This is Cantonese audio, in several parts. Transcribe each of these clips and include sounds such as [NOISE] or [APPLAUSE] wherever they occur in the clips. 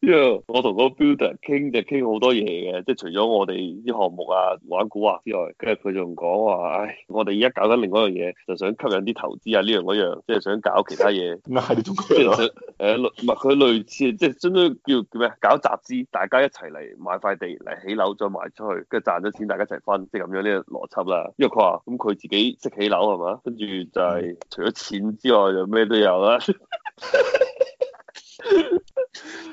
之後我同個 builder 傾就傾好多嘢嘅，即係除咗我哋啲項目啊玩股、啊、之外，跟住佢仲講話，唉，我哋而家搞緊另外一樣嘢，就想吸引啲投資啊呢樣嗰樣，即係想搞其他嘢。 [LAUGHS] 即係唔係佢類似，即係相當叫叫咩搞集資，大家一齊嚟買塊地嚟起樓，再賣出去，跟住賺咗錢大家一齊分，即係咁樣呢個邏輯啦。因為佢話咁佢自己識起樓係嘛，跟住就係除咗錢之外，就咩都有啦。 [LAUGHS]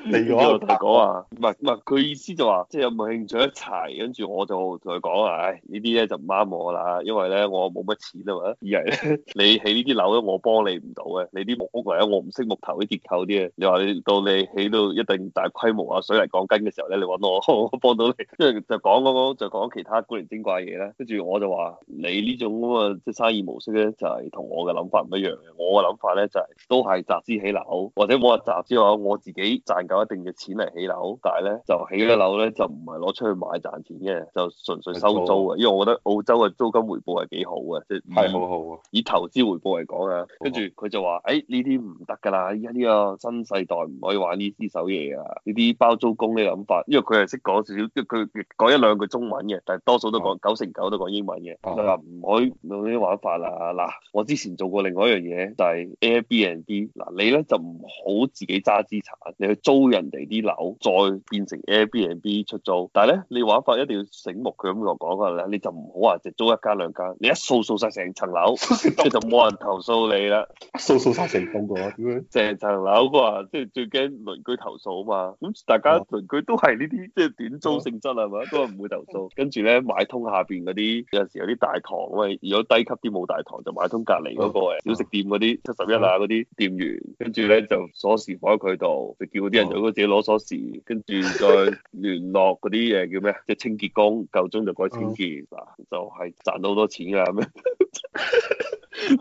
你我同佢講啊，唔係唔係佢意思就話，即係有冇興趣一齊，跟住我就同佢講啊，呢啲咧就唔啱我啦，因為咧我冇乜錢啊嘛，二係你起呢啲樓咧我幫你唔到嘅，你啲木屋嚟嘅我唔識木頭啲結構啲嘅，你話到你起到一定大規模啊，水泥鋼筋嘅時候咧，你搵我我幫到你，跟住就講講講就講其他古靈精怪嘢，咧，跟住我就話你呢種咁啊，即係生意模式咧就係同我嘅諗法唔一樣嘅，我嘅諗法咧就係、是、都係集資起樓，或者冇話集資話我自己。賺夠一定嘅錢嚟起樓，但係咧就起咗樓咧就唔係攞出去買賺錢嘅，就純粹收租啊！因為我覺得澳洲嘅租金回報係幾好嘅，即係唔係好好。以投資回報嚟講啊，跟住佢就話：誒呢啲唔得噶啦，依家呢個新世代唔可以玩呢啲手嘢啊！呢啲包租公嘅諗法，因為佢係識講少少，即係佢講一兩句中文嘅，但係多數都講九、嗯、成九都講英文嘅。佢話唔可以用呢啲玩法啦。嗱，我之前做過另外一樣嘢就係 Airbnb。嗱，你咧就唔好自己揸資產。你去租人哋啲樓，再變成 Airbnb 出租，但係咧，你玩法一定要醒目。佢咁樣講法咧，你就唔好話直租一間兩間，你一掃掃晒成層樓，即 [LAUGHS] 就冇人投訴你啦。 [LAUGHS] 掃掃晒成棟嘅話，點樣？成層樓嘅話，即係最驚鄰居投訴啊嘛。咁、嗯、大家、啊、鄰居都係呢啲即係短租性質係嘛、啊，都唔會投訴。跟住咧買通下邊嗰啲有時有啲大堂喂，如果低級啲冇大堂就買通隔離嗰個誒、啊、小食店嗰啲七十一啊嗰啲店員，跟住咧就鎖匙放喺佢度。叫啲人自己攞鎖匙，跟住再聯絡嗰啲嘢叫咩？即係清潔工夠鐘就改清潔，嗯、就係賺到好多錢㗎。咁樣，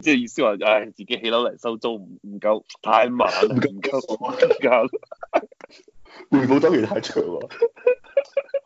即 [LAUGHS] 係意思話，唉，自己起樓嚟收租唔唔夠，太慢唔夠老人家，回報週期太長、啊。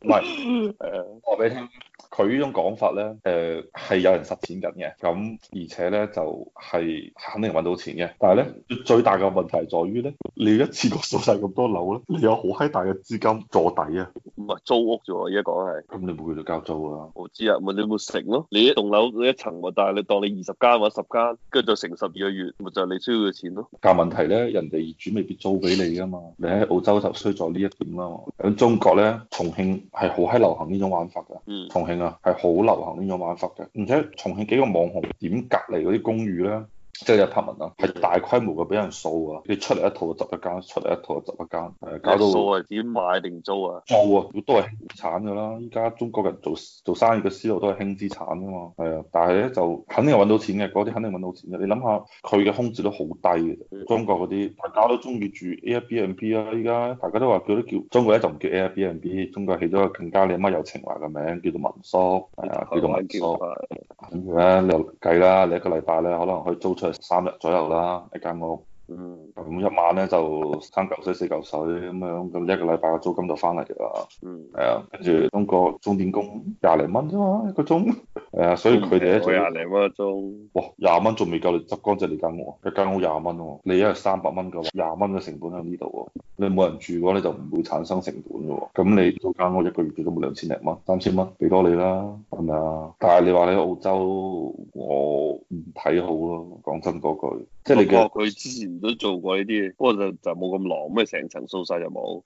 唔 [LAUGHS] 係，誒，話俾你聽。佢呢種講法咧，誒、呃、係有人實踐緊嘅，咁、嗯、而且咧就係、是、肯定搵到錢嘅。但係咧最大嘅問題在於咧，你一次過數晒咁多樓咧，你有好閪大嘅資金坐底啊。唔係租屋啫喎，依家講係。咁、嗯、你冇叫做交租啊？我知啊，咪你冇成咯。你一棟樓一層，但係你當你二十間或者十間，跟住就乘十二個月，咪就係你需要嘅錢咯、啊。但係問題咧，人哋業主未必租俾你㗎嘛。你喺澳洲就衰咗呢一點啦嘛。喺中國咧，重慶係好閪流行呢種玩法㗎。嗯。重慶係好流行呢種玩法嘅，而且重慶幾個網紅點隔離嗰啲公寓咧。即係一 apartment 啊，係大規模嘅俾人掃啊，你出嚟一套就執一間，出嚟一套就執一間，搞到掃係點買定租啊？租啊，都係輕產嘅啦。依家中國人做做生意嘅思路都係輕資產嘅嘛，係啊，但係咧就肯定揾到錢嘅，嗰啲肯定揾到錢嘅。你諗下佢嘅空置率好低嘅的、啊，中國嗰啲大家都中意住 Airbnb 啊，依家大家都話叫都叫中國咧就唔叫 Airbnb，中國起咗個更加你乜嘢有情懷嘅名，叫做民宿，係啊的，的叫做民宿，咁樣的你又計啦，你一個禮拜咧可能可以租出。三日左右啦，一間屋。嗯，咁一晚咧，就三嚿水四嚿水咁樣，咁一個禮拜嘅租金就翻嚟啦。嗯，係啊，跟住通過鐘點工廿零蚊啫嘛，一個鐘。係啊，所以佢哋咧，就廿零蚊一個鐘。哇，廿蚊仲未夠你執乾淨你間屋，一間屋廿蚊喎，你一日三百蚊噶，廿蚊嘅成本喺呢度。你冇人住嘅話，你就唔會產生成本嘅。咁你租間屋一個月最多冇兩千零蚊，三千蚊俾多你啦，係咪啊？但係你話你喺澳洲，我唔睇好咯。講真嗰句，即係你嘅佢之前。都做過呢啲，不過就就冇咁狼，咩？成層掃晒就冇。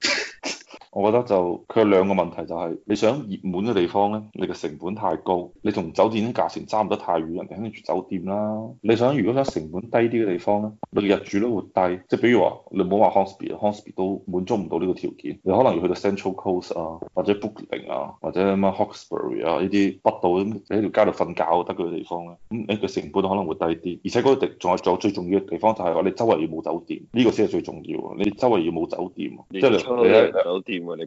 我覺得就佢有兩個問題，就是，就係你想熱門嘅地方咧，你嘅成本太高，你同酒店啲價錢差唔得太遠，人哋肯定住酒店啦。你想如果想成本低啲嘅地方咧，你嘅入住率都會低，即係比如話你唔好話 Hornsby，Hornsby 都滿足唔到呢個條件。你可能要去到 Central Coast 啊，或者 b o c h i n g 啊，或者乜 Hawkesbury 啊呢啲北道咁喺條街度瞓覺就得嘅地方咧，咁你嘅成本可能會低啲。而且嗰個地仲有最最重要嘅地方就係話你周圍要冇酒店，呢、呢個先係最重要。啊，你周圍要冇酒店，即係你喺酒店。你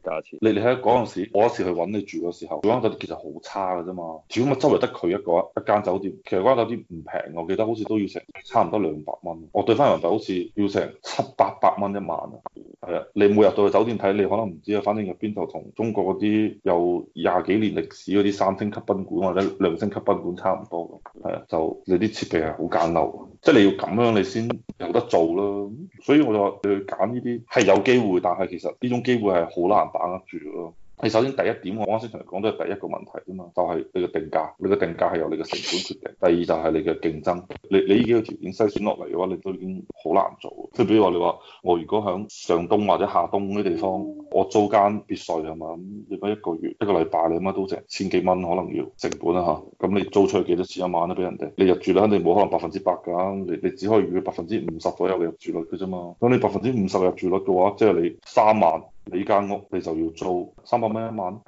你睇嗰陣時，我嗰時去揾你住嘅時候，嗰間、那個、酒店其實好差嘅啫嘛。主要咪周圍得佢一個一間酒店，其實嗰間酒店唔平，我記得好似都要成差唔多兩百蚊。我兌翻人民幣好似要成七八百蚊一晚啊。係啊，你每日到去酒店睇，你可能唔知啊。反正入邊就同中國嗰啲有廿幾年歷史嗰啲三星級賓館或者兩星級賓館差唔多。係啊，就你啲設備係好簡陋。即係你要咁樣，你先有得做咯。所以我就話，你去揀呢啲係有機會，但係其實呢種機會係好難把握住咯。你首先第一點，我啱先同你講都係第一個問題啫嘛，就係你嘅定價，你嘅定價係由你嘅成本決定。第二就係你嘅競爭，你你呢幾個條件篩選落嚟嘅話，你都已經好難做。即係比如話，你話我如果響上東或者下東啲地方。我租間別墅係嘛，咁，你睇一個月一個禮拜你啊，都成千幾蚊可能要成本啦嚇。咁、啊、你租出去幾多錢一晚都俾人哋？你入住率肯定冇可能百分之百㗎，你你只可以預百分之五十左右嘅入住率嘅啫嘛。咁你百分之五十入住率嘅話，即、就、係、是、你三萬你間屋，你就要租三百蚊一晚。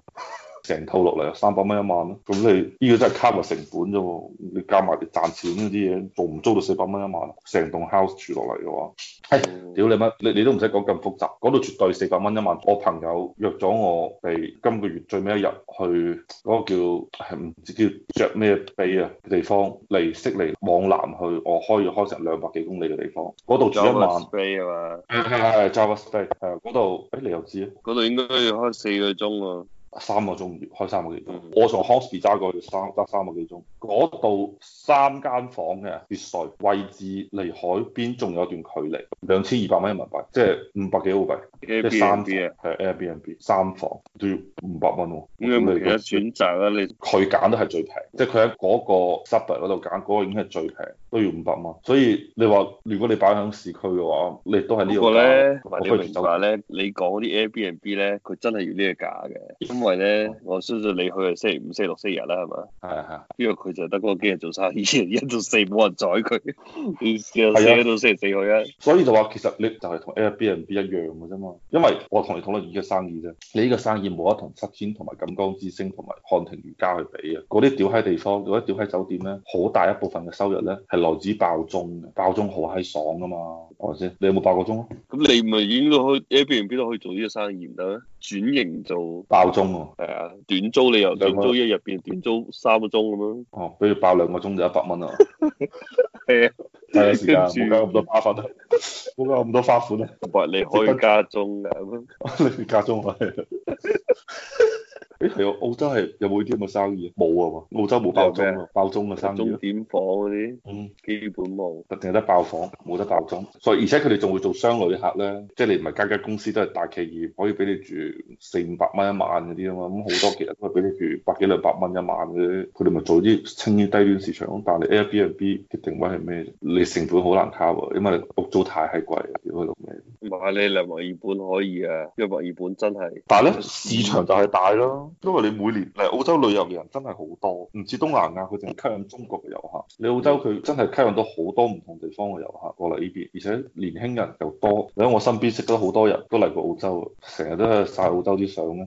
成套落嚟三百蚊一晚咯，咁你呢、這個真係 cover 成本啫喎，你加埋你賺錢嗰啲嘢，仲唔租到四百蚊一晚？成棟 house 住落嚟嘅話，係、哎，嗯、屌你乜，你你都唔使講咁複雜，嗰度絕對四百蚊一晚。我朋友約咗我係今個月最尾一日去嗰、那個叫係唔知叫着咩飛啊地方嚟悉尼往南去，我開咗開,開成兩百幾公里嘅地方，嗰度住一晚飛啊嘛，係係 Jervis Bay，係嗰度，哎你又知啊？嗰度應該要開四個鐘喎。三個鐘月，開三個幾鐘。我從 Hornsby 揸過去三揸三個幾鐘，嗰度三間房嘅別墅，位置離海邊仲有一段距離，兩千二百蚊人民幣，即係五百幾澳幣，Airbnb 即係三房 bnb，啊，係 Airbnb 三房都要五百蚊喎。咁你有冇其他選擇咧，啊？你佢揀都係最平，即係佢喺嗰個 suburb 嗰度揀嗰個已經係最平，都要五百蚊。所以你話如果你擺喺市區嘅話，你都係呢個價。不過咧，同埋你明白咧，你講嗰啲 Airbnb 咧，佢真係要呢個價嘅。因為咧，我相信你去係星期五、星期六、星期日啦，係嘛？係啊係啊，因為佢就得嗰幾日做生意，一到四冇人宰佢 [LAUGHS] 四的，四到四日四去啊。所以就話其實你就係同 Airbnb 一樣嘅啫嘛。因為我同你討論而家生意啫，你呢個生意冇得同七天同埋錦江之星同埋漢庭如家去比啊！嗰啲屌喺地方，如果屌喺酒店咧，好大一部分嘅收入咧係來自爆鐘嘅，爆鐘好閪爽噶嘛。講先，你有冇爆個鐘啊？咁你咪已經都去 Airbnb 都可以做呢個生意唔得咩？轉型做爆鐘。係啊，短租你又短租一日變，短租三個鐘咁樣。哦，比如爆兩個鐘就一百蚊啊。係啊，時間唔夠咁多花粉啊，唔夠咁多花款咧，喂， [LAUGHS] 你可以加鐘啊咁樣。 [LAUGHS] 你加鐘啊！ [LAUGHS] 誒係啊！澳洲係有冇啲咁嘅生意？冇啊，澳洲冇爆鐘啊，爆鐘嘅生意。鐘點房嗰啲，嗯，基本冇。淨係、嗯、得爆房，冇得爆鐘。所以而且佢哋仲會做商旅客咧，即、就、係、是、你唔係間間公司都係大企業，可以俾你住四五百蚊一晚嗰啲啊嘛。咁好多其實都係俾你住百幾兩百蚊一晚嗰啲，佢哋咪做啲清啲低端市場咯。但你 Airbnb 嘅定位係咩？你成本好難靠啊，因為你屋租太係貴啊，要去到咩？唔下你嚟埋二本可以啊，入埋二本真係。但係咧，市場就係大咯。因為你每年嚟澳洲旅遊嘅人真係好多，唔似東南亞佢淨係吸引中國嘅遊客，你澳洲佢真係吸引到好多唔同地方嘅遊客過嚟呢邊，而且年輕人又多。你喺我身邊識得好多人都嚟過澳洲，成日都係晒澳洲啲相啊！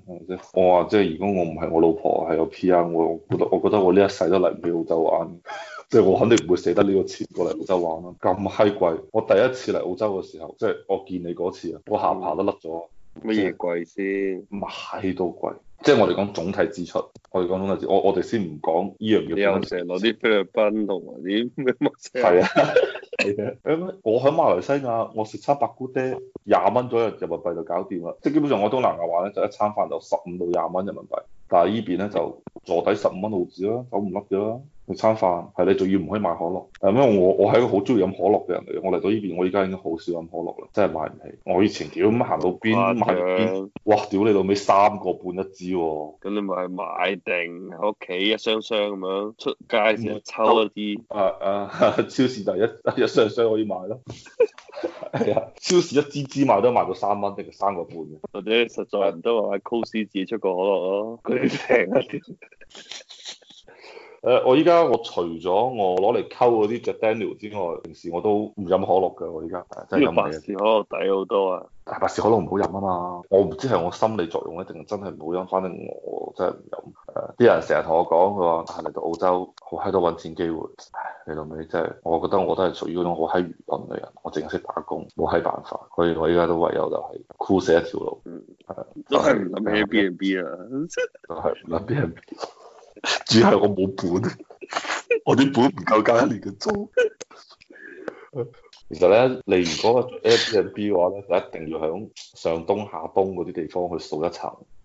我話即係如果我唔係我老婆，係有 P R，我我覺得我覺得我呢一世都嚟唔起澳洲玩，即係我肯定唔會捨得呢個錢過嚟澳洲玩咯。咁閪貴！我第一次嚟澳洲嘅時候，即係我見你嗰次啊，我下巴都甩咗。乜嘢貴先？買都貴。即係我哋講總體支出，我哋講總體支出，我我哋先唔講呢樣嘢。你有成日攞啲菲律賓同啲咩墨西哥，係啊，係啊，係啊，我喺馬來西亞，我食餐白姑爹廿蚊左右人民幣就搞掂啦。即係基本上我東南亞玩咧，就一餐飯就十五到廿蚊人民幣。但係依邊咧就是、坐底十五蚊毫紙啦，走唔甩嘅啦，你餐飯係你仲要唔可以買可樂？誒，因為我我係一個好中意飲可樂嘅人嚟嘅，我嚟到依邊我而家已經好少飲可樂啦，真係買唔起。我以前屌咁行到邊、啊、買到邊，哇！屌你老味三個半一支喎。咁你咪買定喺屋企一箱箱咁樣，出街先抽一啲。啊啊！超市就一一箱箱可以買咯。 [LAUGHS] 係啊，超市一支芝麻都賣到三蚊，定係三個半。或者實在唔得，咪買 Coles 自己出個可樂咯。佢哋平一啲。誒，我依家我除咗我攞嚟溝嗰啲 Jack Daniel 之外，平時我都唔飲可樂㗎。我依家真係唔飲嘅。百事可樂抵好多啊！大百事可樂唔、啊、好飲啊嘛，我唔知係我心理作用咧，定真係唔好飲。反正我真係唔飲。誒、啊，啲人成日同我講，佢話嚟到澳洲好喺度揾錢機會。你老味真係，我覺得我都係屬於嗰種好閪愚笨嘅人，我淨係識打工，冇閪辦法，所以我依家都唯有就係、是、箍死一條路，係真係唔諗起 B [LAUGHS] and B 啦，就係諗 B and B，主要係我冇本，我啲本唔夠交一年嘅租。 [LAUGHS] [LAUGHS] 其實咧，你如果 A and B 嘅話咧，就一定要響上東下東嗰啲地方去掃一層。